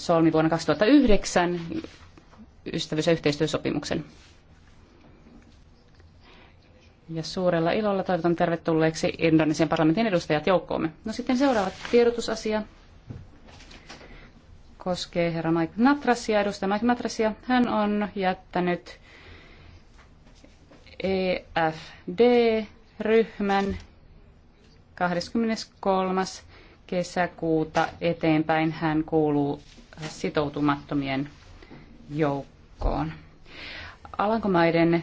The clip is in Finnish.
solmi vuonna 2009 ystävyys- ja yhteistyösopimuksen. Ja suurella ilolla toivotan tervetulleeksi Indonesian parlamentin edustajat joukkoomme. No sitten seuraava tiedotusasia koskee herra Mike Natrasia, edustaja Mike Natrasia. Hän on jättänyt EFD-ryhmän 23. kesäkuuta eteenpäin. Hän kuuluu sitoutumattomien joukkoon. Alankomaiden